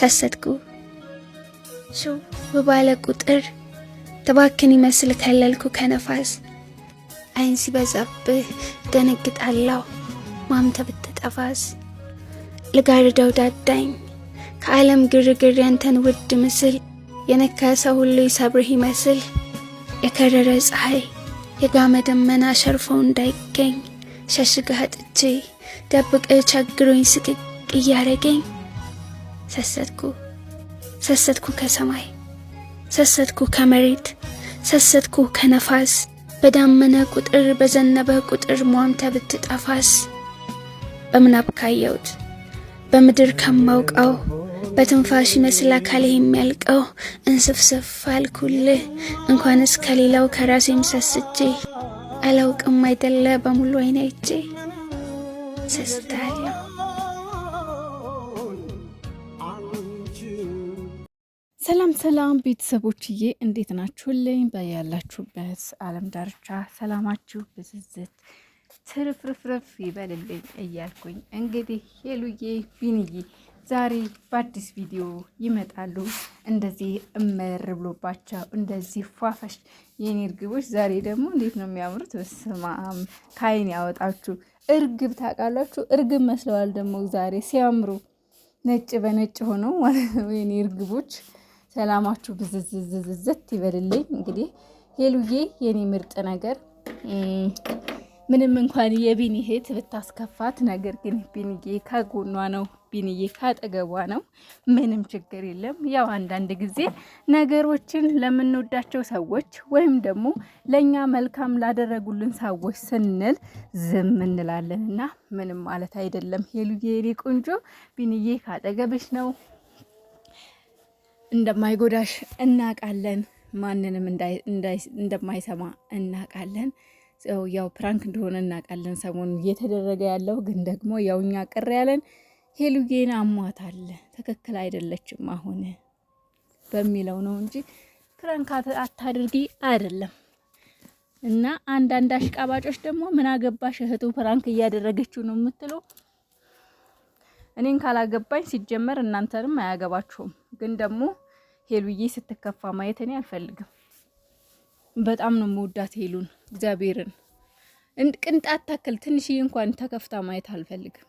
ሰሰትኩ ሹ በባለ ቁጥር ተባክን ይመስል ከለልኩ ከነፋስ አይን ሲበዛብህ ደነግጣለሁ ማምተ ብትጠፋስ ልጋርደው ዳዳኝ ከዓለም ግርግር ያንተን ውድ ምስል የነከሰ ሁሉ ይሰብርህ ይመስል የከረረ ፀሐይ የጋመ ደመና ሸርፈው እንዳይገኝ ሸሽገህ አጥቼ ደብቅ ቸግሮኝ ስቅቅ እያረገኝ ሰሰትኩ ሰሰትኩ ከሰማይ ሰሰትኩ ከመሬት ሰሰትኩ ከነፋስ በዳመነ ቁጥር በዘነበ ቁጥር ሟምተ ብትጠፋስ በምናብ ካየውት በምድር ከማውቀው በትንፋሽ ይመስል አካል የሚያልቀው እንስፍስፍ አልኩልህ እንኳንስ ከሌላው ከራሴም ሰስቼ አላውቅም አይደለ በሙሉ አይነ ሰስታለሁ። ሰላም ሰላም ቤተሰቦችዬ እንዴት ናችሁልኝ? በያላችሁበት ዓለም ዳርቻ ሰላማችሁ ብዝዝት ትርፍርፍርፍ ይበልልኝ እያልኩኝ እንግዲህ ሄሉዬ ቢንዬ ዛሬ በአዲስ ቪዲዮ ይመጣሉ። እንደዚህ እመር ብሎባቸው እንደዚህ ፏፈሽ የኔ እርግቦች። ዛሬ ደግሞ እንዴት ነው የሚያምሩት! በስማም ከአይን ያወጣችሁ እርግብ ታውቃላችሁ። እርግብ መስለዋል ደግሞ ዛሬ ሲያምሩ ነጭ በነጭ ሆነው ማለት ነው የኔ እርግቦች ሰላማችሁ ብዝዝዝዝት ይበልልኝ። እንግዲህ ሄሉዬ የኔ ምርጥ ነገር ምንም እንኳን የቢኒ እህት ብታስከፋት፣ ነገር ግን ቢንዬ ከጎኗ ነው፣ ቢንዬ ካጠገቧ ነው። ምንም ችግር የለም። ያው አንዳንድ ጊዜ ነገሮችን ለምንወዳቸው ሰዎች ወይም ደግሞ ለእኛ መልካም ላደረጉልን ሰዎች ስንል ዝም እንላለን እና ምንም ማለት አይደለም። ሄሉዬ የኔ ቆንጆ ቢንዬ ካጠገብሽ ነው። እንደማይጎዳሽ እናቃለን። ማንንም እንደማይሰማ እናቃለን። ያው ፕራንክ እንደሆነ እናቃለን። ሰሞኑ እየተደረገ ያለው ግን ደግሞ ያው እኛ ቅር ያለን ሄሉዬን አሟታል፣ ትክክል አይደለችም አሁን በሚለው ነው እንጂ ፕራንክ አታድርጊ አይደለም። እና አንዳንድ አሽቃባጮች ደግሞ ምን አገባሽ እህቱ ፕራንክ እያደረገችው ነው የምትለው። እኔን ካላገባኝ ሲጀመር እናንተንም አያገባችሁም። ግን ደግሞ ሄሉዬ ስትከፋ ማየት እኔ አልፈልግም። በጣም ነው መወዳት ሄሉን እግዚአብሔርን ቅንጣት ታክል ትንሽዬ እንኳን ተከፍታ ማየት አልፈልግም።